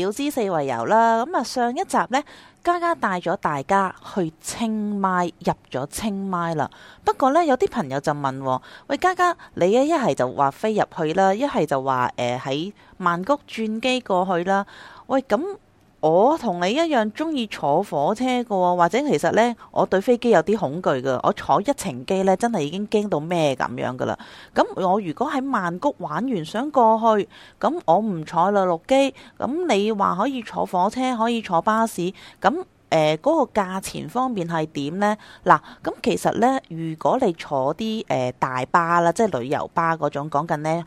小資四圍遊啦，咁啊上一集呢，嘉嘉帶咗大家去清邁入咗清邁啦。不過呢，有啲朋友就問：喂，嘉嘉，你呢一係就話飛入去啦，一係就話誒喺曼谷轉機過去啦。喂，咁。我同你一樣中意坐火車嘅喎。哦，或者其實呢，我對飛機有啲恐懼嘅。我坐一程機呢，真係已經驚到咩咁樣嘅啦。咁我如果喺曼谷玩完想過去，咁我唔坐啦，陸機。咁你話可以坐火車，可以坐巴士。咁誒嗰個價錢方面係點呢？嗱，咁其實呢，如果你坐啲誒、呃、大巴啦，即係旅遊巴嗰種，講緊呢。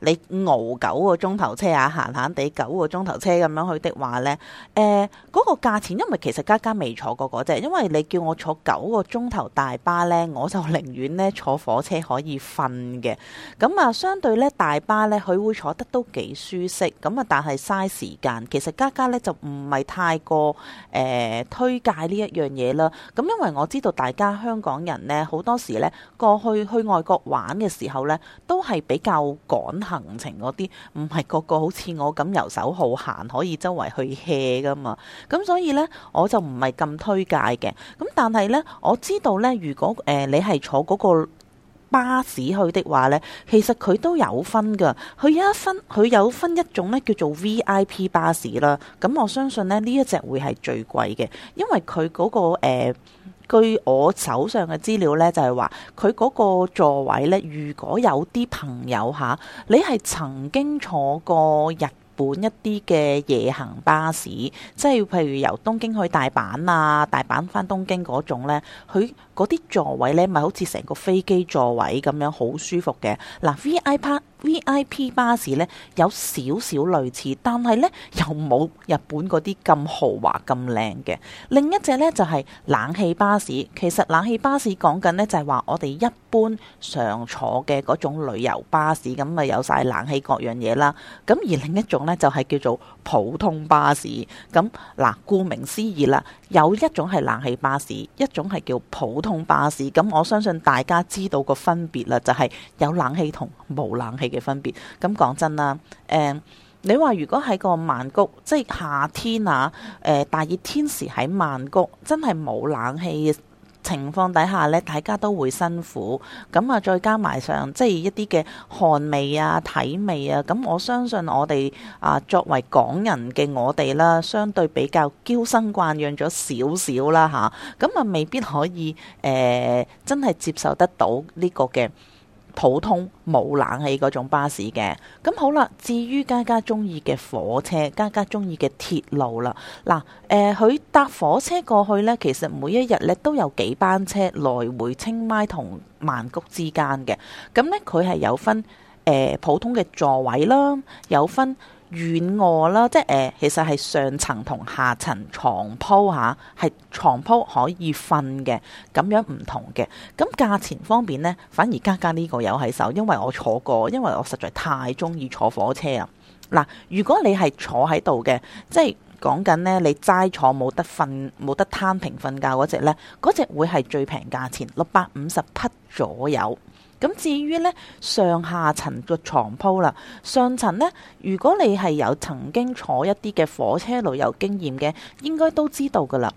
你熬九個鐘頭車啊，閒閒哋九個鐘頭車咁樣去的話咧，誒嗰個價錢，因為其實嘉嘉未坐過嗰隻，因為你叫我坐九個鐘頭大巴咧，我就寧願咧坐火車可以瞓嘅。咁啊，相對咧大巴咧，佢會坐得都幾舒適，咁啊，但係嘥時間。其實嘉嘉咧就唔係太過誒推介呢一樣嘢啦。咁因為我知道大家香港人咧，好多時咧過去去外國玩嘅時候咧，都係比較趕。行程嗰啲唔係個個好似我咁遊手好閒，可以周圍去 hea 噶嘛，咁所以呢，我就唔係咁推介嘅。咁但係呢，我知道呢，如果誒、呃、你係坐嗰個巴士去的話呢，其實佢都有分噶，佢有一分佢有分一種呢叫做 VIP 巴士啦。咁我相信呢，呢一隻會係最貴嘅，因為佢嗰、嗰個誒。呃據我手上嘅資料呢，就係話佢嗰個座位呢，如果有啲朋友嚇，你係曾經坐過日本一啲嘅夜行巴士，即係譬如由東京去大阪啊、大阪返東京嗰種呢，佢。嗰啲座位咧，咪好似成個飛機座位咁樣，好舒服嘅。嗱，V I P V I P 巴士咧有少少類似，但係咧又冇日本嗰啲咁豪華咁靚嘅。另一隻咧就係冷氣巴士。其實冷氣巴士講緊咧就係話我哋一般常坐嘅嗰種旅遊巴士，咁咪有晒冷氣各樣嘢啦。咁而另一種咧就係叫做普通巴士。咁嗱，顧名思義啦，有一種係冷氣巴士，一種係叫普通。同巴士咁，我相信大家知道個分別啦，就係、是、有冷氣同冇冷氣嘅分別。咁講真啦，誒、嗯，你話如果喺個曼谷，即係夏天啊，誒、呃、大熱天時喺曼谷真係冇冷氣情況底下咧，大家都會辛苦，咁啊再加埋上即係一啲嘅汗味啊、體味啊，咁我相信我哋啊作為港人嘅我哋啦，相對比較嬌生慣養咗少少啦吓，咁啊未必可以誒、呃、真係接受得到呢個嘅。普通冇冷氣嗰種巴士嘅，咁好啦。至於家家中意嘅火車，家家中意嘅鐵路啦。嗱，誒、呃，佢搭火車過去呢，其實每一日呢都有幾班車來回清邁同曼谷之間嘅。咁呢，佢係有分誒、呃、普通嘅座位啦，有分。軟臥啦，即係誒，其實係上層同下層床鋪嚇，係、啊、床鋪可以瞓嘅，咁樣唔同嘅。咁價錢方面呢，反而加加呢個有喺手，因為我坐過，因為我實在太中意坐火車啊。嗱，如果你係坐喺度嘅，即係講緊呢，你齋坐冇得瞓，冇得攤平瞓覺嗰隻呢，嗰隻會係最平價錢，六百五十匹左右。咁至於呢上下層嘅床鋪啦，上層呢，如果你係有曾經坐一啲嘅火車旅遊經驗嘅，應該都知道㗎喇。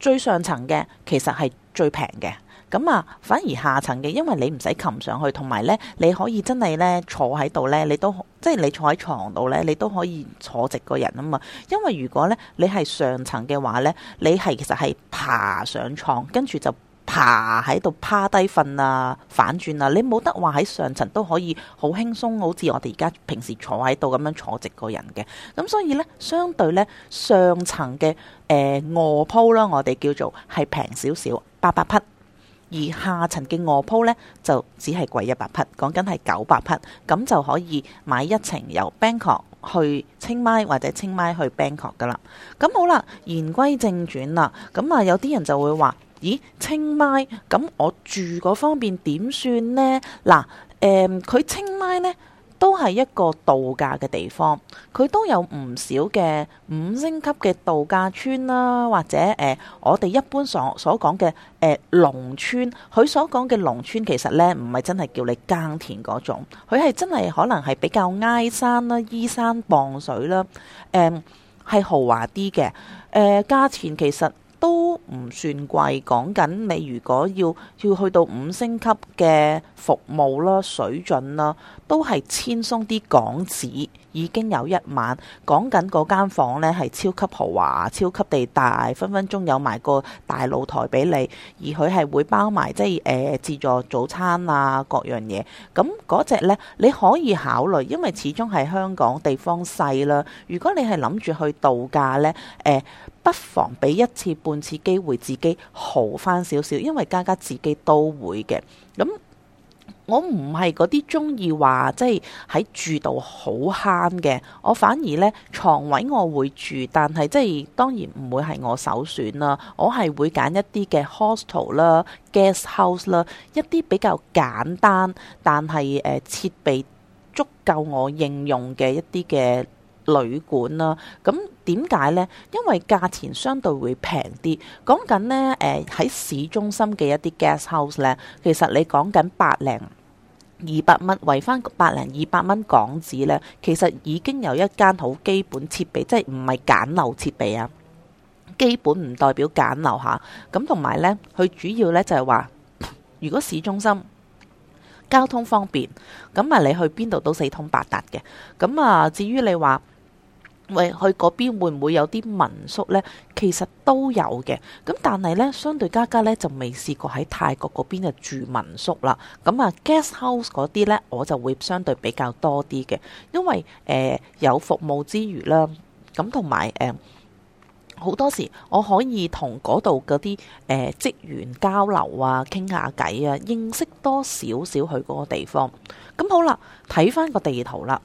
最上層嘅其實係最平嘅，咁啊反而下層嘅，因為你唔使擒上去，同埋呢，你可以真係呢坐喺度呢，你都即係、就是、你坐喺床度呢，你都可以坐直個人啊嘛。因為如果呢，你係上層嘅話呢，你係其實係爬上床，跟住就，爬喺度趴低瞓啊，反轉啊！你冇得話喺上層都可以好輕鬆，好似我哋而家平時坐喺度咁樣坐直個人嘅。咁所以呢，相對呢，上層嘅誒臥鋪啦，我哋叫做係平少少，八百匹；而下層嘅臥鋪呢，就只係貴一百匹，講緊係九百匹。咁就可以買一程由 Bangkok 去清邁或者清邁去 Bangkok 噶啦。咁好啦，言歸正傳啦。咁啊，有啲人就會話。咦，清邁咁我住嗰方面點算呢？嗱，誒、呃、佢清邁呢，都係一個度假嘅地方，佢都有唔少嘅五星級嘅度假村啦，或者誒、呃、我哋一般所所講嘅誒農村，佢所講嘅農村其實呢，唔係真係叫你耕田嗰種，佢係真係可能係比較挨山啦，依山傍水啦，誒、呃、係豪華啲嘅，誒、呃、價錢其實，都唔算貴，講緊你如果要要去到五星級嘅服務啦、水準啦，都係千鬆啲港紙已經有一晚，講緊嗰間房呢係超級豪華、超級地大，分分鐘有埋個大露台俾你，而佢係會包埋即係誒、呃、自助早餐啊各樣嘢，咁嗰隻呢，你可以考慮，因為始終係香港地方細啦，如果你係諗住去度假呢。誒、呃。不妨俾一次半次機會自己豪返少少，因為家家自己都會嘅。咁我唔係嗰啲鍾意話即係喺住度好慳嘅，我反而呢，床位我會住，但係即係當然唔會係我首選啦。我係會揀一啲嘅 hostel 啦、guest house 啦，一啲比較簡單，但係誒、呃、設備足夠我應用嘅一啲嘅旅館啦，咁點解呢？因為價錢相對會平啲。講緊呢，誒、呃、喺市中心嘅一啲 guest house 呢，其實你講緊百零二百蚊，為返百零二百蚊港紙呢，其實已經有一間好基本設備，即係唔係簡陋設備啊？基本唔代表簡陋嚇。咁同埋呢，佢主要呢就係話，如果市中心交通方便，咁啊你去邊度都四通八達嘅。咁啊，至於你話，喂，去嗰邊會唔會有啲民宿呢？其實都有嘅，咁但係呢，相對家家呢，就未試過喺泰國嗰邊啊住民宿啦。咁啊，guest house 嗰啲呢，我就會相對比較多啲嘅，因為誒、呃、有服務之餘啦，咁同埋誒好多時我可以同嗰度嗰啲誒職員交流啊，傾下偈啊，認識多少少去嗰個地方。咁好啦，睇翻個地圖啦。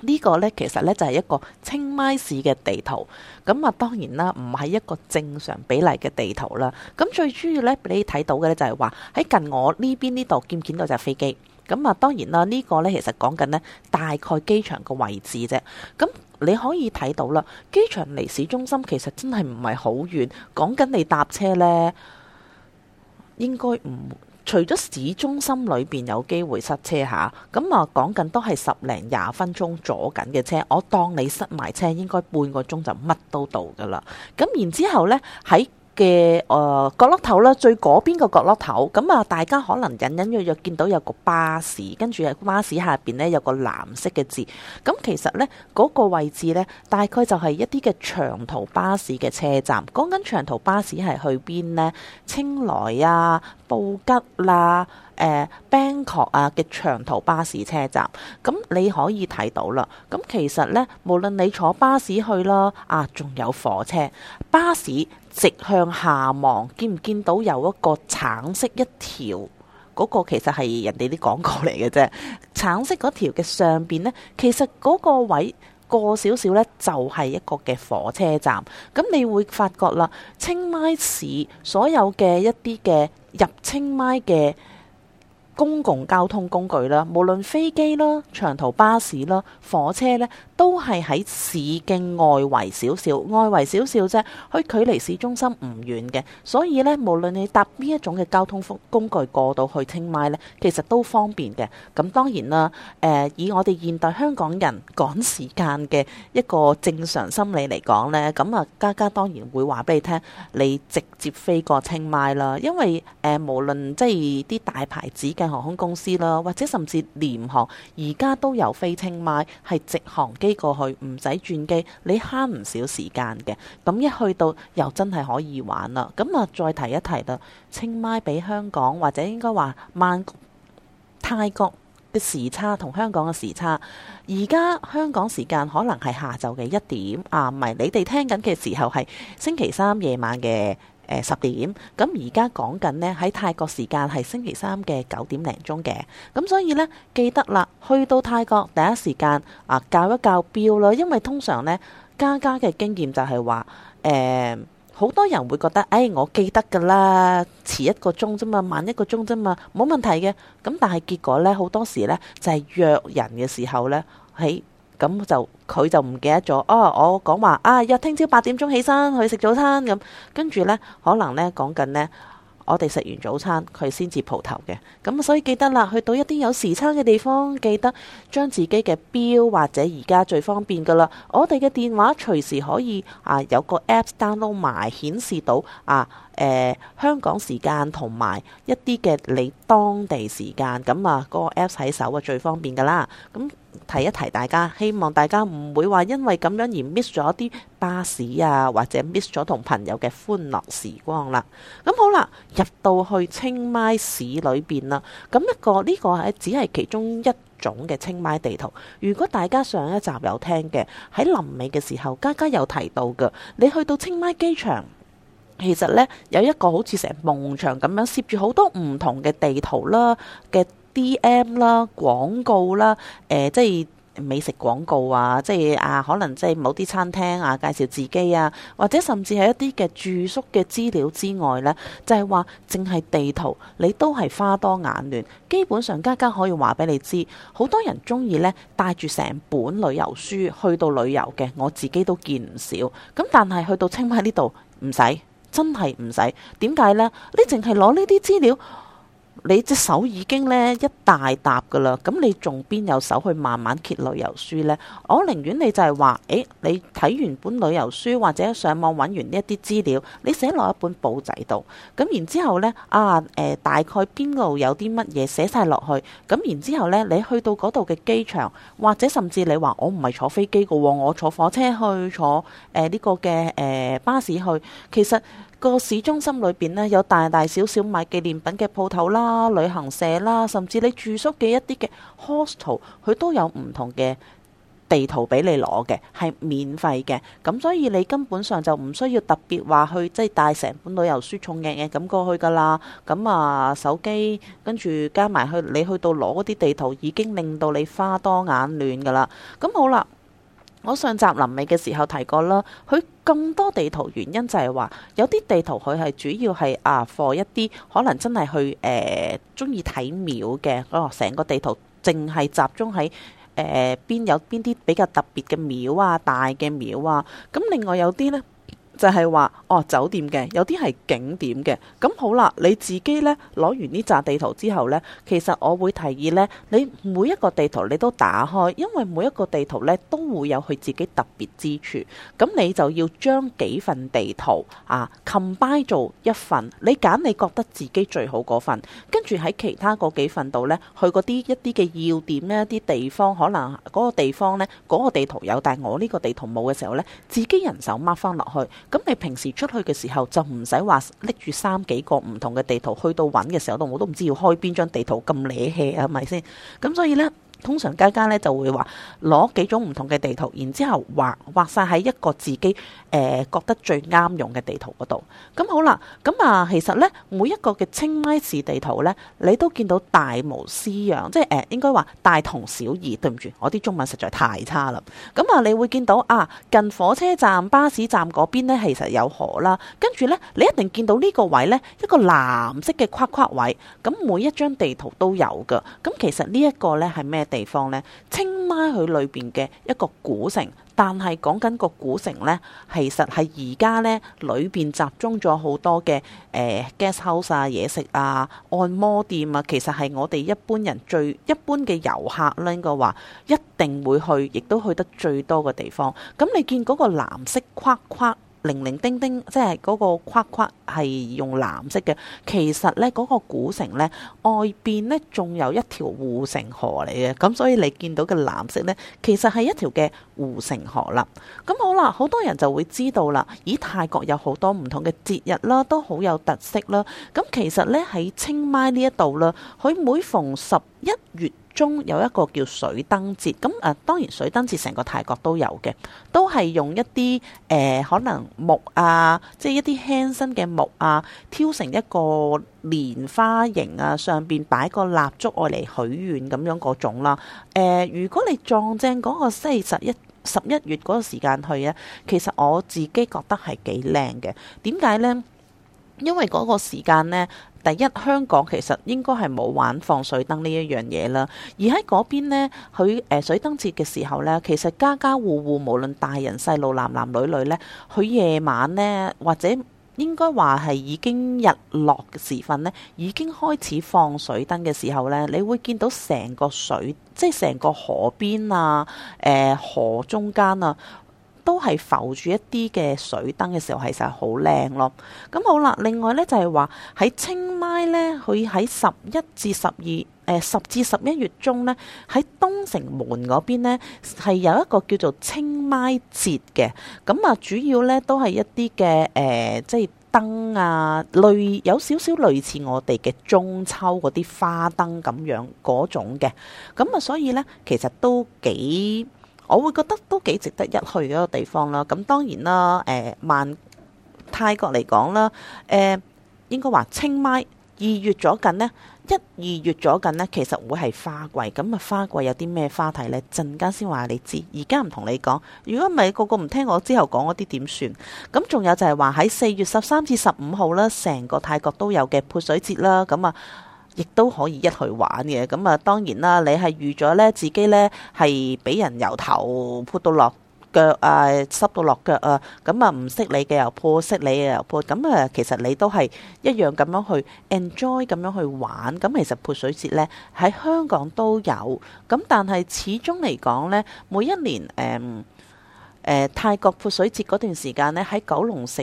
呢個呢，其實呢，就係一個清邁市嘅地圖，咁啊當然啦，唔係一個正常比例嘅地圖啦。咁最主要呢，你睇到嘅呢，就係話喺近我呢邊呢度見唔見到隻飛機？咁啊當然啦，呢個呢，其實講緊呢，大概機場嘅位置啫。咁你可以睇到啦，機場離市中心其實真係唔係好遠。講緊你搭車呢，應該唔。除咗市中心裏邊有機會塞車吓，咁啊講緊都係十零廿分鐘阻緊嘅車。我當你塞埋車，應該半個鐘就乜都到㗎喇。咁然之後呢？喺。嘅誒、呃、角落頭啦，最嗰邊個角落頭咁啊。大家可能隱隱約約見到有個巴士，跟住喺巴士下邊呢，有個藍色嘅字。咁其實呢，嗰、那個位置呢，大概就係一啲嘅長途巴士嘅車站。講緊長途巴士係去邊呢？清萊啊、布吉啦、啊、誒、呃、Bangkok 啊嘅長途巴士車站。咁你可以睇到啦。咁其實呢，無論你坐巴士去啦，啊，仲有火車巴士。直向下望，見唔見到有一個橙色一條？嗰個其實係人哋啲廣告嚟嘅啫。橙色嗰條嘅上邊呢，其實嗰個位過少少呢，就係一個嘅火車站。咁你會發覺啦，清邁市所有嘅一啲嘅入清邁嘅公共交通工具啦，無論飛機啦、長途巴士啦、火車呢，都係喺市境外圍少少，外圍少少啫，佢距離市中心唔遠嘅，所以咧，無論你搭邊一種嘅交通工具過到去清邁咧，其實都方便嘅。咁當然啦，誒、呃、以我哋現代香港人趕時間嘅一個正常心理嚟講咧，咁啊，家家當然會話俾你聽，你直接飛過清邁啦，因為誒、呃、無論即係啲大牌子嘅航空公司啦，或者甚至廉航，而家都有飛清邁係直航嘅。飛過去唔使轉機，你慳唔少時間嘅。咁一去到又真係可以玩啦。咁啊，再提一提啦，清邁比香港或者應該話曼谷泰國嘅時差同香港嘅時差，而家香，香港時間可能係下晝嘅一點，啊，唔係，你哋聽緊嘅時候係星期三夜晚嘅。誒、呃、十點，咁而家講緊呢，喺泰國時間係星期三嘅九點零鐘嘅，咁所以呢，記得啦，去到泰國第一時間啊校一校表囉，因為通常呢，家家嘅經驗就係話誒，好、呃、多人會覺得誒、哎、我記得㗎啦，遲一個鐘啫嘛，晚一個鐘啫嘛，冇問題嘅，咁但係結果呢，好多時呢，就係約人嘅時候呢。喺、就是。咁就佢就唔記得咗、哦、啊！我講話啊，聽朝八點鐘起身去食早餐咁，跟、嗯、住呢，可能呢講緊呢，我哋食完早餐佢先至蒲頭嘅。咁、嗯、所以記得啦，去到一啲有時差嘅地方，記得將自己嘅表或者而家最方便噶啦，我哋嘅電話隨時可以啊有個 app download 埋，顯示到啊誒、呃、香港時間同埋一啲嘅你當地時間咁啊，嗰、嗯那個 app 喺手啊最方便噶啦，咁、嗯。提一提大家，希望大家唔會話因為咁樣而 miss 咗啲巴士啊，或者 miss 咗同朋友嘅歡樂時光啦。咁好啦，入到去清邁市裏邊啦。咁一個呢個係只係其中一種嘅清邁地圖。如果大家上一集有聽嘅，喺臨尾嘅時候家家有提到嘅，你去到清邁機場，其實呢有一個好似成夢場咁樣，攝住好多唔同嘅地圖啦嘅。D.M. 啦，廣告啦，誒、呃，即係美食廣告啊，即係啊，可能即係某啲餐廳啊，介紹自己啊，或者甚至係一啲嘅住宿嘅資料之外呢，就係話淨係地圖，你都係花多眼亂。基本上家家可以話俾你知，好多人中意呢帶住成本旅遊書去到旅遊嘅，我自己都見唔少。咁但係去到清邁呢度唔使，真係唔使。點解呢？你淨係攞呢啲資料。你隻手已經咧一大沓噶啦，咁你仲邊有手去慢慢揭旅遊書呢？我寧願你就係話，誒你睇完本旅遊書，或者上網揾完呢一啲資料，你寫落一本簿仔度。咁然之後呢，啊誒、呃、大概邊度有啲乜嘢寫晒落去。咁然之後呢，你去到嗰度嘅機場，或者甚至你話我唔係坐飛機㗎喎，我坐火車去，坐誒呢、呃呢個嘅、呃、巴士去，其實。個市中心裏邊呢，有大大小小賣紀念品嘅鋪頭啦、旅行社啦，甚至你住宿嘅一啲嘅 hostel，佢都有唔同嘅地圖俾你攞嘅，係免費嘅。咁所以你根本上就唔需要特別話去，即係帶成本旅遊書重嘅嘢咁過去噶啦。咁啊手機跟住加埋去，你去到攞啲地圖已經令到你花多眼亂噶啦。咁好啦。我上集臨尾嘅時候提過啦，佢咁多地圖原因就係話，有啲地圖佢係主要係啊，for 一啲，可能真係去誒，中意睇廟嘅，嗰個成個地圖淨係集中喺誒邊有邊啲比較特別嘅廟啊，大嘅廟啊，咁另外有啲呢。就係話，哦，酒店嘅有啲係景點嘅，咁好啦，你自己呢，攞完呢紮地圖之後呢，其實我會提議呢：你每一個地圖你都打開，因為每一個地圖呢都會有佢自己特別之處，咁你就要將幾份地圖啊 combine 做一份，你揀你覺得自己最好嗰份，跟住喺其他嗰幾份度呢，去嗰啲一啲嘅要點呢，一啲地方，可能嗰個地方呢，嗰個地圖有，但係我呢個地圖冇嘅時候呢，自己人手 mark 翻落去。咁你平時出去嘅時候，就唔使話拎住三幾個唔同嘅地圖，去到揾嘅時候，我都唔知要開邊張地圖咁惹氣啊，係咪先？咁所以呢。通常家家咧就會話攞幾種唔同嘅地圖，然之後畫畫晒喺一個自己誒、呃、覺得最啱用嘅地圖嗰度。咁好啦，咁啊其實咧每一個嘅清邁市地圖咧，你都見到大模斯樣，即係誒、呃、應該話大同小異，對唔住，我啲中文實在太差啦。咁啊，你會見到啊近火車站、巴士站嗰邊咧，其實有河啦。跟住咧，你一定見到呢個位咧一個藍色嘅框框位，咁每一張地圖都有嘅。咁其實呢一個咧係咩？地方呢，清邁佢裏邊嘅一個古城，但係講緊個古城呢，其實係而家呢裏邊集中咗好多嘅誒、呃、guest house 啊、嘢食啊、按摩店啊，其實係我哋一般人最一般嘅遊客呢應該話，一定會去，亦都去得最多嘅地方。咁你見嗰個藍色框框？零零丁丁，即係嗰個框框係用藍色嘅。其實呢，嗰個古城呢，外邊呢仲有一條護城河嚟嘅，咁所以你見到嘅藍色呢，其實係一條嘅護城河啦。咁好啦，好多人就會知道啦。以泰國有好多唔同嘅節日啦，都好有特色啦。咁其實呢，喺清邁呢一度啦，佢每逢十一月中有一個叫水燈節，咁誒、啊、當然水燈節成個泰國都有嘅，都係用一啲誒、呃、可能木啊，即係一啲輕身嘅木啊，挑成一個蓮花形啊，上邊擺個蠟燭愛嚟許願咁樣嗰種啦。誒、呃，如果你撞正嗰個西十一十一月嗰個時間去咧，其實我自己覺得係幾靚嘅，點解呢？因為嗰個時間呢，第一香港其實應該係冇玩放水燈呢一樣嘢啦，而喺嗰邊呢，佢誒、呃、水燈節嘅時候呢，其實家家戶戶無論大人細路男男女女呢，佢夜晚呢，或者應該話係已經日落嘅時分呢，已經開始放水燈嘅時候呢，你會見到成個水即係成個河邊啊，誒、呃、河中間啊。都係浮住一啲嘅水燈嘅時候，其實係好靚咯。咁好啦，另外呢，就係話喺清邁呢，佢喺十一至十二誒十至十一月中呢，喺東城門嗰邊呢，係有一個叫做清邁節嘅。咁啊，主要呢都係一啲嘅誒，即係燈啊類，有少少類似我哋嘅中秋嗰啲花燈咁樣嗰種嘅。咁啊，所以呢，其實都幾～我會覺得都幾值得一去嗰個地方啦。咁當然啦，誒、呃，曼泰國嚟講啦，誒、呃，應該話清邁二月左近呢，一二月左近呢，其實會係花季。咁啊，花季有啲咩花睇呢？陣間先話你知。而家唔同你講，如果唔係個個唔聽我之後講嗰啲點算？咁仲有就係話喺四月十三至十五號啦，成個泰國都有嘅潑水節啦。咁啊～亦都可以一去玩嘅，咁啊當然啦，你係預咗呢自己呢係俾人由頭潑到落腳啊，濕到落腳啊，咁啊唔識你嘅又潑，識你嘅又潑，咁啊其實你都係一樣咁樣去 enjoy 咁樣去玩，咁其實潑水節呢喺香港都有，咁但係始終嚟講呢，每一年誒。嗯誒、呃、泰國潑水節嗰段時間呢，喺九龍城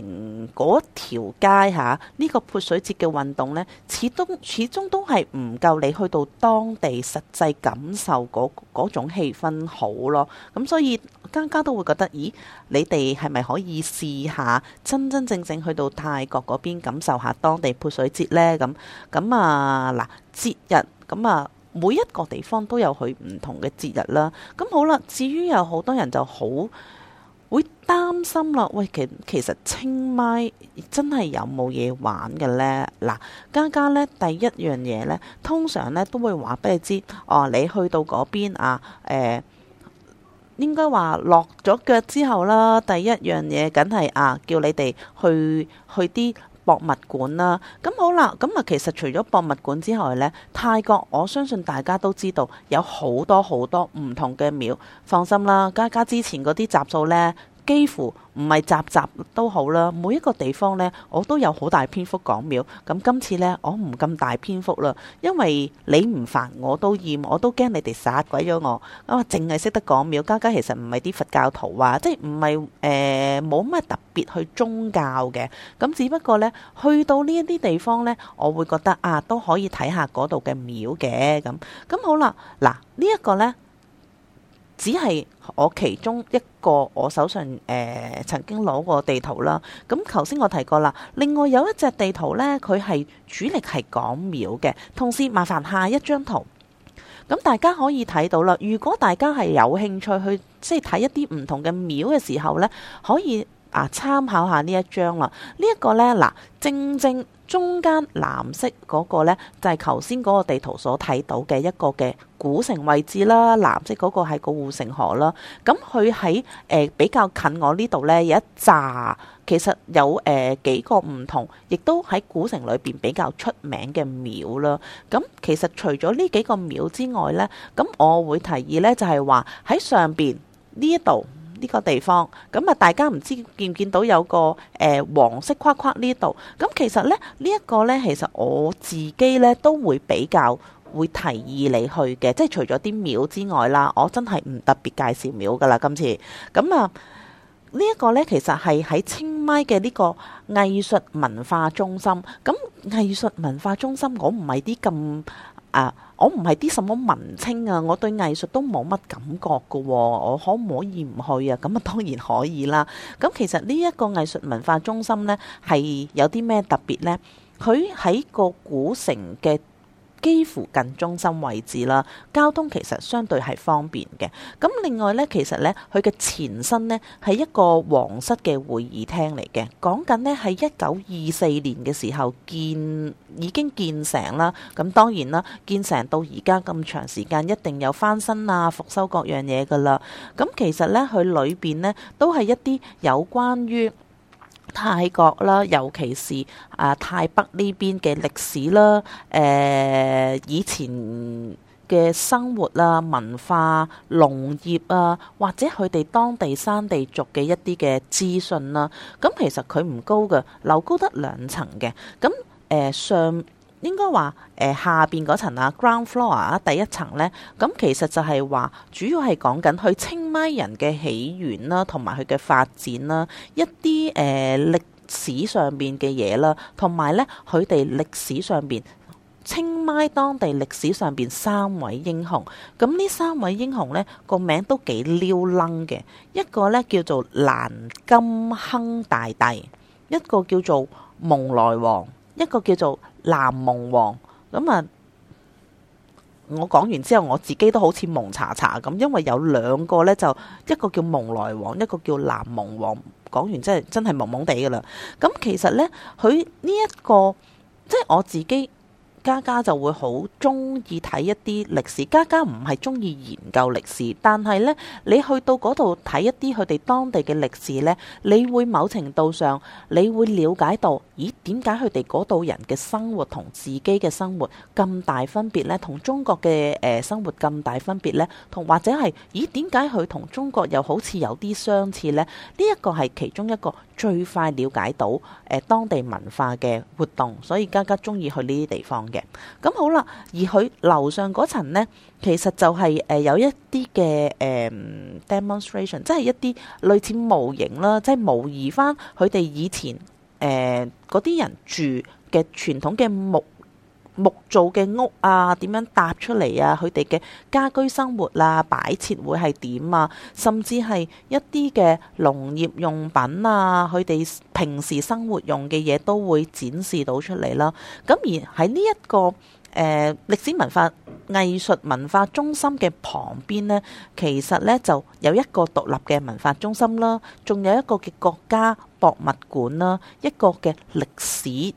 嗰條街下，呢、呢個潑水節嘅運動呢，始終始終都係唔夠你去到當地實際感受嗰嗰種氣氛好咯。咁、嗯、所以家家都會覺得，咦，你哋係咪可以試下真真正正去到泰國嗰邊感受下當地潑水節呢？咁、嗯、咁、嗯、啊嗱，節日咁啊、嗯，每一個地方都有佢唔同嘅節日啦。咁、嗯、好啦，至於有好多人就好。會擔心落，喂，其其實清邁真係有冇嘢玩嘅呢？嗱，家家呢，第一樣嘢呢，通常呢都會話俾你知，哦，你去到嗰邊啊，誒、呃，應該話落咗腳之後啦，第一樣嘢，梗係啊，叫你哋去去啲。博物館啦，咁好啦，咁啊其實除咗博物館之外呢，泰國我相信大家都知道有好多好多唔同嘅廟。放心啦，家家之前嗰啲集數呢。幾乎唔係集集都好啦，每一個地方呢，我都有好大篇幅講廟。咁今次呢，我唔咁大篇幅啦，因為你唔煩我都厭，我都驚你哋殺鬼咗我。我淨係識得講廟。家家其實唔係啲佛教徒啊，即係唔係誒冇乜特別去宗教嘅。咁只不過呢，去到呢一啲地方呢，我會覺得啊，都可以睇下嗰度嘅廟嘅。咁咁好啦，嗱呢一個呢。只係我其中一個，我手上誒、呃、曾經攞過地圖啦。咁頭先我提過啦，另外有一隻地圖呢，佢係主力係講廟嘅。同時，麻煩下一張圖，咁大家可以睇到啦。如果大家係有興趣去即係睇一啲唔同嘅廟嘅時候呢，可以啊參考下呢一張啦。呢、這、一個呢，嗱，正正。中間藍色嗰個呢，就係頭先嗰個地圖所睇到嘅一個嘅古城位置啦。藍色嗰個係個護城河啦。咁佢喺誒比較近我呢度呢，有一扎其實有誒、呃、幾個唔同，亦都喺古城裏邊比較出名嘅廟啦。咁、嗯、其實除咗呢幾個廟之外呢，咁、嗯、我會提議呢，就係話喺上邊呢一度。呢個地方，咁啊，大家唔知見唔見到有個誒、呃、黃色框框呢度？咁其實咧，這個、呢一個咧，其實我自己咧都會比較會提議你去嘅，即係除咗啲廟之外啦，我真係唔特別介紹廟噶啦，今次。咁啊，這個、呢一個咧，其實係喺清邁嘅呢個藝術文化中心。咁藝術文化中心我，我唔係啲咁啊。我唔係啲什麼文青啊，我對藝術都冇乜感覺嘅喎、啊，我可唔可以唔去啊？咁啊當然可以啦。咁其實呢一個藝術文化中心呢，係有啲咩特別呢？佢喺個古城嘅。幾乎近中心位置啦，交通其實相對係方便嘅。咁另外呢，其實呢，佢嘅前身呢係一個皇室嘅會議廳嚟嘅，講緊呢，係一九二四年嘅時候建已經建成啦。咁當然啦，建成到而家咁長時間，一定有翻新啊、復修各樣嘢㗎喇。咁其實呢，佢裏邊呢都係一啲有關於泰國啦，尤其是啊泰北呢邊嘅歷史啦，誒、啊、以前嘅生活啊、文化、農業啊，或者佢哋當地山地族嘅一啲嘅資訊啦。咁、啊、其實佢唔高嘅，樓高得兩層嘅，咁、啊、誒上。應該話誒、呃、下邊嗰層啊，ground floor 啊，第一層呢，咁、嗯、其實就係話主要係講緊佢清邁人嘅起源啦，同埋佢嘅發展啦，一啲誒、呃、歷史上邊嘅嘢啦，同埋呢，佢哋歷史上邊清邁當地歷史上邊三位英雄。咁呢三位英雄呢，個名都幾撩楞嘅，一個呢叫做蘭金亨大帝，一個叫做蒙來王，一個叫做。南蒙王咁啊。我講完之後，我自己都好似蒙查查咁，因為有兩個呢，就一個叫蒙來王，一個叫南蒙王。講完真係真係蒙蒙地噶啦。咁其實呢，佢呢一個即係、就是、我自己。家家就會好中意睇一啲歷史，家家唔係中意研究歷史，但係呢，你去到嗰度睇一啲佢哋當地嘅歷史呢，你會某程度上，你會了解到，咦，點解佢哋嗰度人嘅生活同自己嘅生活咁大分別呢？同中國嘅誒生活咁大分別呢？同或者係，咦，點解佢同中國又好似有啲相似呢？呢一個係其中一個。最快了解到誒、呃、當地文化嘅活動，所以家家中意去呢啲地方嘅。咁好啦，而佢樓上嗰層呢，其實就係誒有一啲嘅誒、呃、demonstration，即係一啲類似模型啦，即係模擬翻佢哋以前誒嗰啲人住嘅傳統嘅木木造嘅屋啊，點樣搭出嚟啊？佢哋嘅家居生活啊，擺設會係點啊？甚至係一啲嘅農業用品啊，佢哋平時生活用嘅嘢都會展示到出嚟啦。咁而喺呢一個誒歷史文化藝術文化中心嘅旁邊咧，其實咧就有一個獨立嘅文化中心啦，仲有一個嘅國家博物館啦，一個嘅歷史。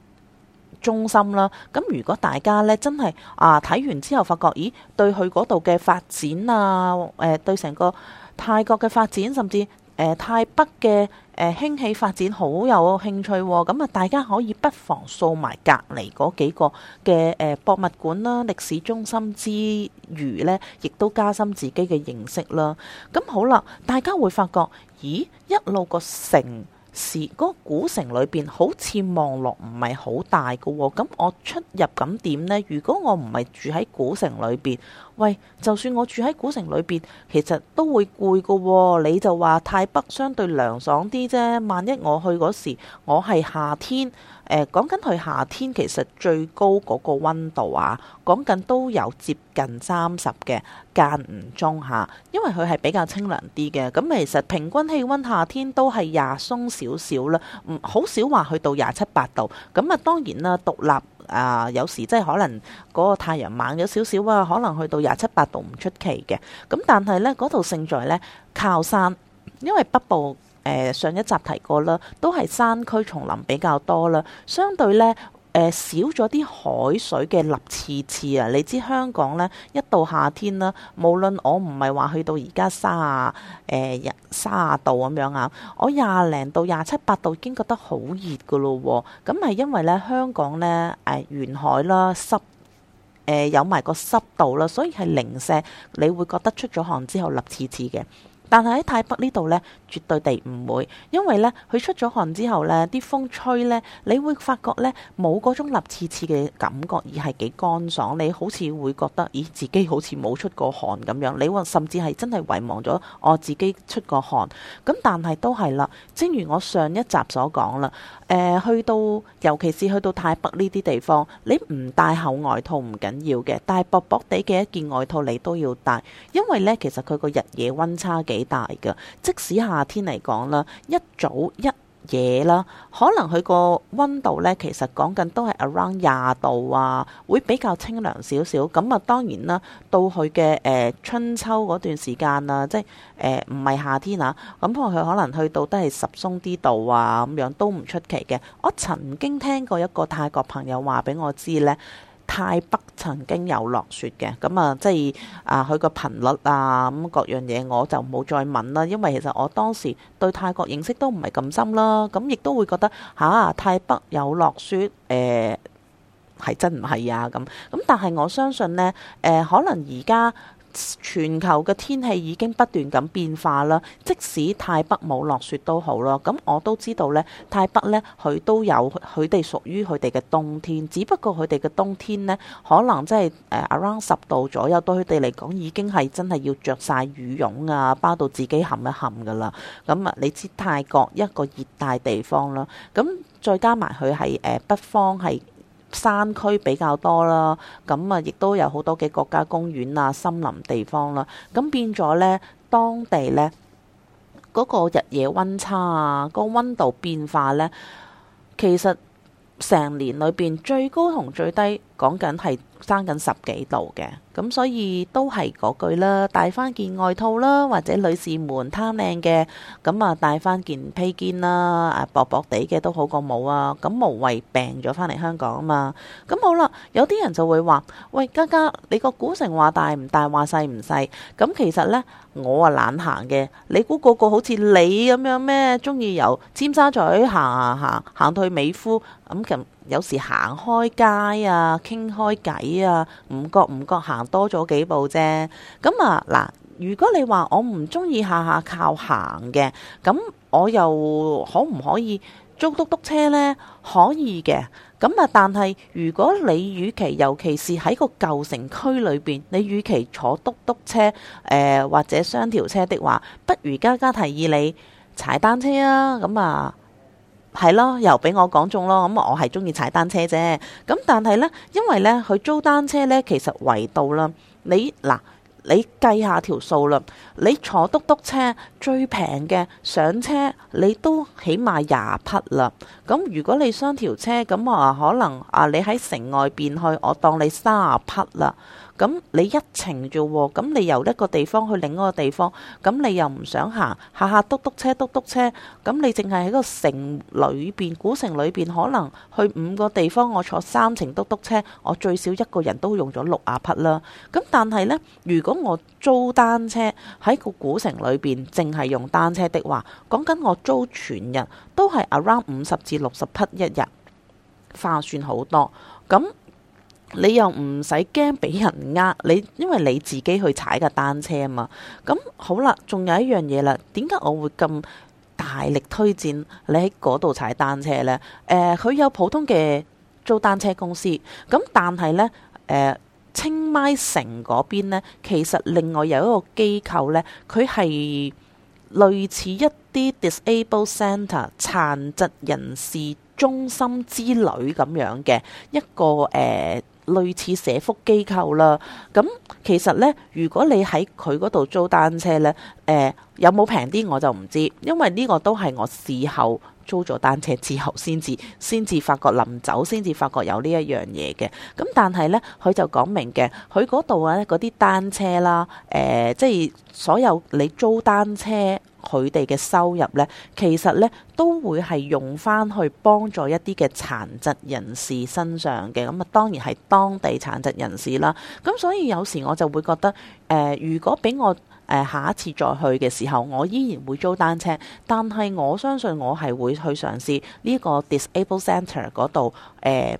中心啦，咁如果大家咧真係啊睇完之後發覺咦，對佢嗰度嘅發展啊，誒、呃、對成個泰國嘅發展，甚至誒、呃、泰北嘅誒、呃、興起發展好有興趣，啊，咁啊大家可以不妨掃埋隔離嗰幾個嘅誒、呃、博物館啦，啊、歷史中心之餘咧，亦都加深自己嘅認識啦。咁好啦，大家會發覺咦，一路個城。是嗰個古城裏邊，好似望落唔係好大嘅喎、哦，咁我出入咁點呢？如果我唔係住喺古城裏邊。喂，就算我住喺古城裏邊，其實都會攰㗎喎。你就話泰北相對涼爽啲啫。萬一我去嗰時，我係夏天，誒講緊佢夏天，其實最高嗰個溫度啊，講緊都有接近三十嘅間唔中嚇，因為佢係比較清涼啲嘅。咁其實平均氣溫夏天都係廿鬆少少啦，唔、嗯、好少話去到廿七八度。咁啊，當然啦，獨立。啊、呃，有時即係可能嗰個太陽猛咗少少啊，可能去到廿七八度唔出奇嘅。咁但係呢，嗰度勝在呢靠山，因為北部誒、呃、上一集提過啦，都係山區叢林比較多啦，相對呢。呃、少咗啲海水嘅立次次啊！你知香港呢，一到夏天啦，無論我唔係話去到而家卅誒廿卅度咁樣啊，我廿零到廿七八度已經覺得好熱㗎咯喎！咁係因為呢，香港呢誒、呃、沿海啦，濕誒、呃、有埋個濕度啦，所以係零舍，你會覺得出咗汗之後立次次嘅。但係喺泰北呢度呢，絕對地唔會，因為呢，佢出咗汗之後呢，啲風吹呢，你會發覺呢冇嗰種立刺刺嘅感覺，而係幾乾爽。你好似會覺得，咦，自己好似冇出過汗咁樣。你甚至係真係遺忘咗我自己出過汗。咁但係都係啦，正如我上一集所講啦，誒、呃，去到尤其是去到泰北呢啲地方，你唔戴厚外套唔緊要嘅，戴薄薄地嘅一件外套你都要戴，因為呢，其實佢個日夜溫差幾幾大嘅，即使夏天嚟講啦，一早一夜啦，可能佢個溫度呢，其實講緊都係 around 廿度啊，會比較清涼少少。咁啊，當然啦，到佢嘅，誒，春秋嗰段時間啊，即係，誒，唔係夏天啊，咁佢可能去到都係十鬆啲度啊，咁樣都唔出奇嘅。我曾經聽過一個泰國朋友話俾我知呢。泰北曾經有落雪嘅，咁、嗯、啊，即係啊，佢個頻率啊，咁各樣嘢我就冇再問啦，因為其實我當時對泰國認識都唔係咁深啦，咁、嗯、亦都會覺得吓、啊，泰北有落雪，誒、呃、係真唔係啊咁，咁、嗯、但係我相信呢，誒、呃、可能而家。全球嘅天氣已經不斷咁變化啦，即使泰北冇落雪都好咯。咁我都知道咧，泰北咧佢都有佢哋屬於佢哋嘅冬天，只不過佢哋嘅冬天咧可能真係誒 around 十度左右，對佢哋嚟講已經係真係要着晒羽絨啊，包到自己冚一冚噶啦。咁啊，你知泰國一個熱帶地方啦，咁再加埋佢係誒北方係。山區比較多啦，咁啊，亦都有好多嘅國家公園啊、森林地方啦，咁變咗呢，當地呢，嗰個日夜溫差啊，嗰個溫度變化呢，其實成年裏邊最高同最低講緊係爭緊十幾度嘅。咁所以都係嗰句啦，戴翻件外套啦，或者女士們貪靚嘅，咁啊戴翻件披肩啦，啊薄薄地嘅都好過冇啊。咁無謂病咗翻嚟香港啊嘛。咁好啦，有啲人就會話：「喂，嘉嘉，你個古城話大唔大，話細唔細？咁其實呢，我啊懶行嘅。你估個個好似你咁樣咩？中意由尖沙咀行行行到去美孚，咁其實有時行開街啊，傾開偈啊，唔覺唔覺行。多咗幾步啫，咁啊嗱，如果你話我唔中意下下靠行嘅，咁我又可唔可以租嘟嘟車呢？可以嘅，咁啊，但係如果你與其尤其是喺個舊城區裏邊，你與其坐嘟嘟車，誒、呃、或者雙條車的話，不如家家提議你踩單車啊，咁啊。係咯，又俾我講中咯。咁、嗯、我係中意踩單車啫。咁但係呢，因為呢，佢租單車呢，其實圍到啦。你嗱、啊，你計下條數啦。你坐嘟嘟車最平嘅上車，你都起碼廿匹啦。咁、嗯、如果你雙條車，咁、嗯、啊可能啊，你喺城外邊去，我當你三十匹啦。咁你一程啫喎，咁你由一個地方去另一個地方，咁你又唔想行，下下嘟嘟車、嘟嘟車，咁你淨係喺個城裏邊、古城裏邊，可能去五個地方，我坐三程嘟嘟車，我最少一個人都用咗六啊匹啦。咁但係呢，如果我租單車喺個古城裏邊，淨係用單車的話，講緊我租全日都係 around 五十至六十匹一日，化算好多。咁你又唔使驚俾人呃你，因為你自己去踩架單車嘛。咁好啦，仲有一樣嘢啦。點解我會咁大力推薦你喺嗰度踩單車呢？誒、呃，佢有普通嘅租單車公司。咁但係呢，誒、呃，清邁城嗰邊呢，其實另外有一個機構呢，佢係類似一啲 disabled center 殘疾人士中心之旅咁樣嘅一個誒。呃類似社福機構啦，咁其實呢，如果你喺佢嗰度租單車呢，誒、呃、有冇平啲我就唔知，因為呢個都係我事後租咗單車之後先至，先至發覺，臨走先至發覺有呢一樣嘢嘅。咁但係呢，佢就講明嘅，佢嗰度啊，嗰啲單車啦，誒、呃、即係所有你租單車。佢哋嘅收入呢，其實呢都會係用翻去幫助一啲嘅殘疾人士身上嘅，咁啊當然係當地殘疾人士啦。咁所以有時我就會覺得，誒、呃、如果俾我、呃、下一次再去嘅時候，我依然會租單車，但係我相信我係會去嘗試呢個 disabled center 嗰度誒。呃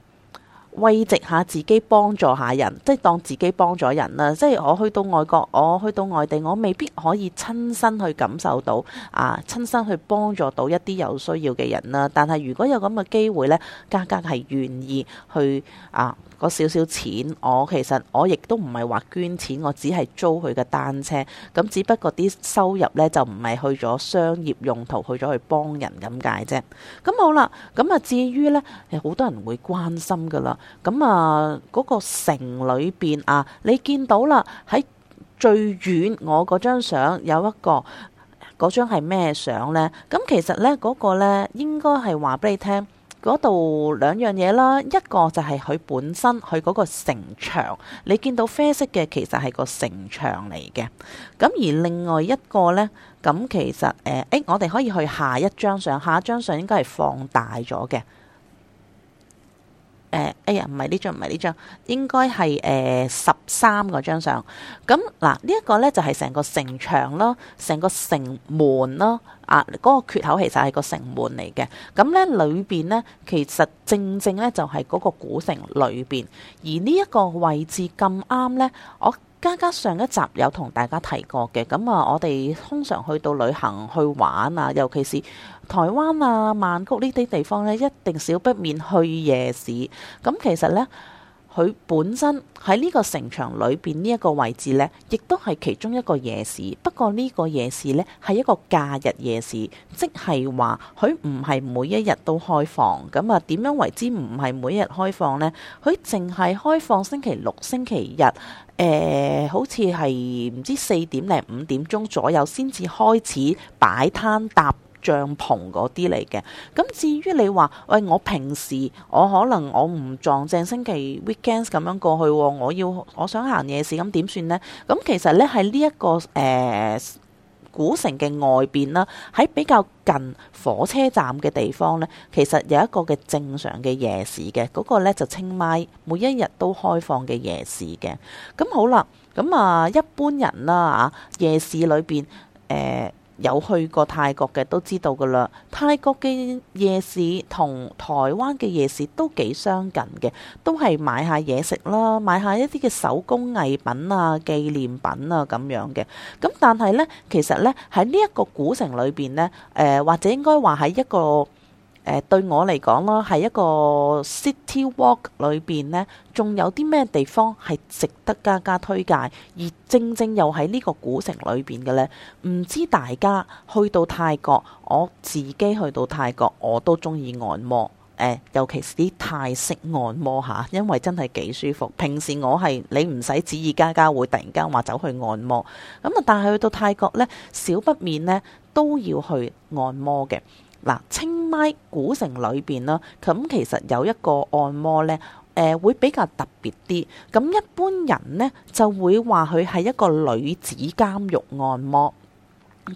慰藉下自己，幫助下人，即係當自己幫咗人啦。即係我去到外國，我去到外地，我未必可以親身去感受到，啊，親身去幫助到一啲有需要嘅人啦。但係如果有咁嘅機會呢，家家係願意去啊。嗰少少錢，我其實我亦都唔係話捐錢，我只係租佢嘅單車。咁只不過啲收入呢，就唔係去咗商業用途，去咗去幫人咁解啫。咁好啦，咁啊至於呢，好多人會關心噶啦。咁啊嗰個城裏邊啊，你見到啦喺最遠，我嗰張相有一個，嗰張係咩相呢？咁其實呢，嗰個呢應該係話俾你聽。嗰度兩樣嘢啦，一個就係佢本身佢嗰個城牆，你見到啡色嘅其實係個城牆嚟嘅。咁而另外一個呢，咁其實誒，誒、欸、我哋可以去下一張相，下一張相應該係放大咗嘅。誒，哎呀，唔係呢張，唔係呢張，應該係誒十三嗰張相。咁嗱，呢一個呢，就係成個城牆咯，成個城門咯，啊，嗰個缺口其實係個城門嚟嘅。咁呢裏邊呢，其實正正呢，就係嗰個古城裏邊。而呢一個位置咁啱呢，我家家上一集有同大家提過嘅。咁啊，我哋通常去到旅行去玩啊，尤其是。台灣啊，曼谷呢啲地方呢，一定少不免去夜市。咁其實呢，佢本身喺呢個城牆裏邊呢一個位置呢，亦都係其中一個夜市。不過呢個夜市呢，係一個假日夜市，即係話佢唔係每一日都開放。咁啊，點樣為之唔係每日開放呢？佢淨係開放星期六、星期日。誒、呃，好似係唔知四點零五點鐘左右先至開始擺攤搭。帳篷嗰啲嚟嘅，咁至於你話，喂，我平時我可能我唔撞正星期 weekends 咁樣過去喎，我要我想行夜市，咁點算呢？咁其實呢係呢一個誒、呃、古城嘅外邊啦，喺比較近火車站嘅地方呢，其實有一個嘅正常嘅夜市嘅，嗰、嗰個呢就清邁每一日都開放嘅夜市嘅。咁好啦，咁啊一般人啦啊，夜市裏邊誒。呃有去過泰國嘅都知道㗎喇，泰國嘅夜市同台灣嘅夜市都幾相近嘅，都係買下嘢食啦，買下一啲嘅手工藝品啊、紀念品啊咁樣嘅。咁但係呢，其實呢，喺呢一個古城裏邊呢，誒、呃、或者應該話喺一個。誒對我嚟講啦，喺一個 City Walk 裏邊呢，仲有啲咩地方係值得家家推介？而正正又喺呢個古城裏邊嘅呢。唔知大家去到泰國，我自己去到泰國我都鍾意按摩誒，尤其是啲泰式按摩嚇，因為真係幾舒服。平時我係你唔使指意家家會突然間話走去按摩咁啊，但係去到泰國呢，少不免呢都要去按摩嘅嗱清古城裏邊呢，咁其實有一個按摩呢誒會比較特別啲。咁一般人呢就會話佢係一個女子監獄按摩。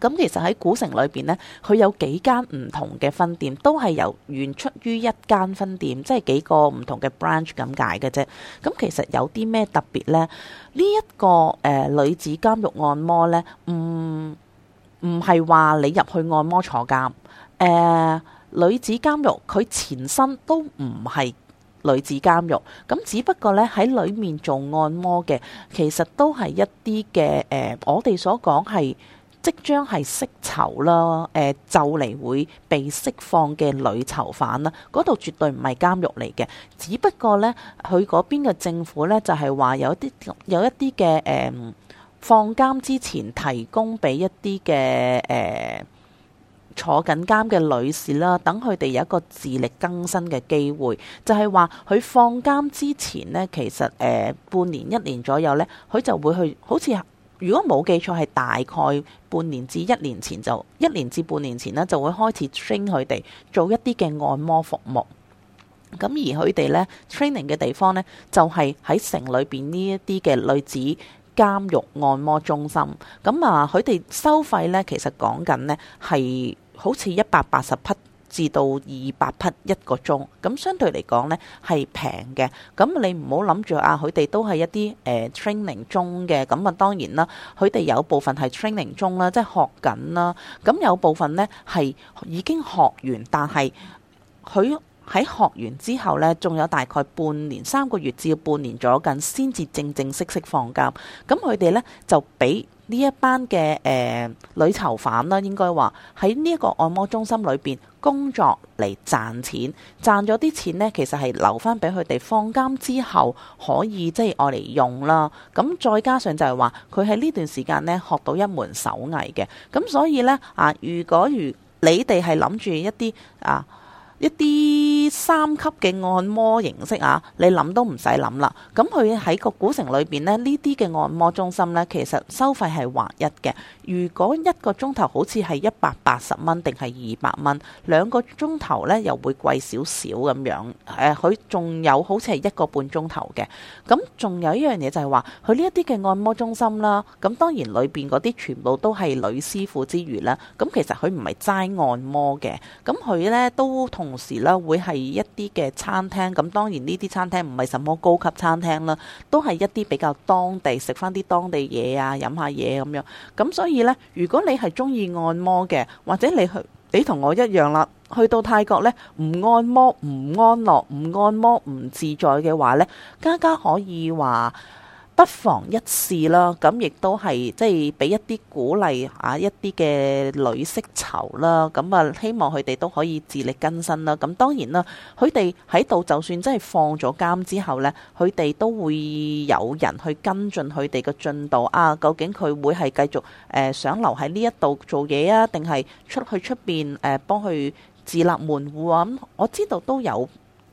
咁其實喺古城裏邊呢，佢有幾間唔同嘅分店，都係由原出於一間分店，即係幾個唔同嘅 branch 咁解嘅啫。咁其實有啲咩特別呢？呢、這、一個誒、呃、女子監獄按摩呢，唔唔係話你入去按摩坐監，誒、呃。女子監獄佢前身都唔係女子監獄，咁只不過呢喺裏面做按摩嘅，其實都係一啲嘅誒，我哋所講係即將係釋囚啦，誒就嚟會被釋放嘅女囚犯啦，嗰度絕對唔係監獄嚟嘅，只不過呢，佢嗰、呃呃、邊嘅政府呢，就係話有啲有一啲嘅誒放監之前提供俾一啲嘅誒。呃坐緊監嘅女士啦，等佢哋有一個自力更生嘅機會，就係話佢放監之前呢，其實誒、呃、半年一年左右呢，佢就會去好似如果冇記錯係大概半年至一年前就一年至半年前呢，就會開始 train 佢哋做一啲嘅按摩服務。咁而佢哋呢 training 嘅地方呢，就係、是、喺城裏邊呢一啲嘅女子監獄按摩中心。咁啊，佢哋收費呢，其實講緊呢係。好似一百八十匹至到二百匹一個鐘，咁相對嚟講呢係平嘅。咁你唔好諗住啊，佢哋都係一啲誒、呃、training 中嘅。咁啊當然啦，佢哋有部分係 training 中啦，即係學緊啦。咁有部分呢係已經學完，但係佢喺學完之後呢，仲有大概半年三個月至到半年左右先至正正式式放假。咁佢哋呢就俾。呢一班嘅誒、呃、女囚犯啦，應該話喺呢一個按摩中心裏邊工作嚟賺錢，賺咗啲錢呢，其實係留返俾佢哋放監之後可以即係愛嚟用啦。咁再加上就係話佢喺呢段時間呢，學到一門手藝嘅，咁所以呢，啊，如果如你哋係諗住一啲啊。一啲三級嘅按摩形式啊，你諗都唔使諗啦。咁佢喺個古城裏邊呢，呢啲嘅按摩中心呢，其實收費係劃一嘅。如果一個鐘頭好似係一百八十蚊定係二百蚊，兩個鐘頭呢又會貴少少咁樣。誒、呃，佢仲有好似係一個半鐘頭嘅。咁仲有一樣嘢就係話，佢呢一啲嘅按摩中心啦，咁當然裏邊嗰啲全部都係女師傅之餘啦，咁其實佢唔係齋按摩嘅，咁佢呢都同。同時咧，會係一啲嘅餐廳，咁當然呢啲餐廳唔係什麼高級餐廳啦，都係一啲比較當地食翻啲當地嘢啊，飲下嘢咁樣。咁所以呢，如果你係中意按摩嘅，或者你去，你同我一樣啦，去到泰國呢，唔按摩唔安樂，唔按摩唔自在嘅話呢，家家可以話，不妨一試啦，咁亦都係即係俾一啲鼓勵啊，一啲嘅女色囚啦，咁啊希望佢哋都可以自力更生啦。咁當然啦，佢哋喺度就算真係放咗監之後呢，佢哋都會有人去跟進佢哋嘅進度啊。究竟佢會係繼續誒想留喺呢一度做嘢啊，定係出去出邊誒幫佢自立門戶啊？咁我知道都有。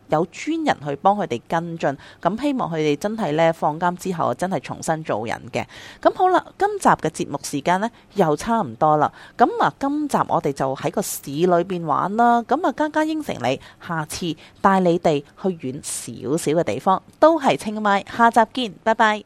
有專人去幫佢哋跟進，咁希望佢哋真係呢放監之後，真係重新做人嘅。咁好啦，今集嘅節目時間呢又差唔多啦。咁啊，今集我哋就喺個市裏邊玩啦。咁啊，嘉嘉應承你，下次帶你哋去遠少少嘅地方，都係清邁。下集見，拜拜。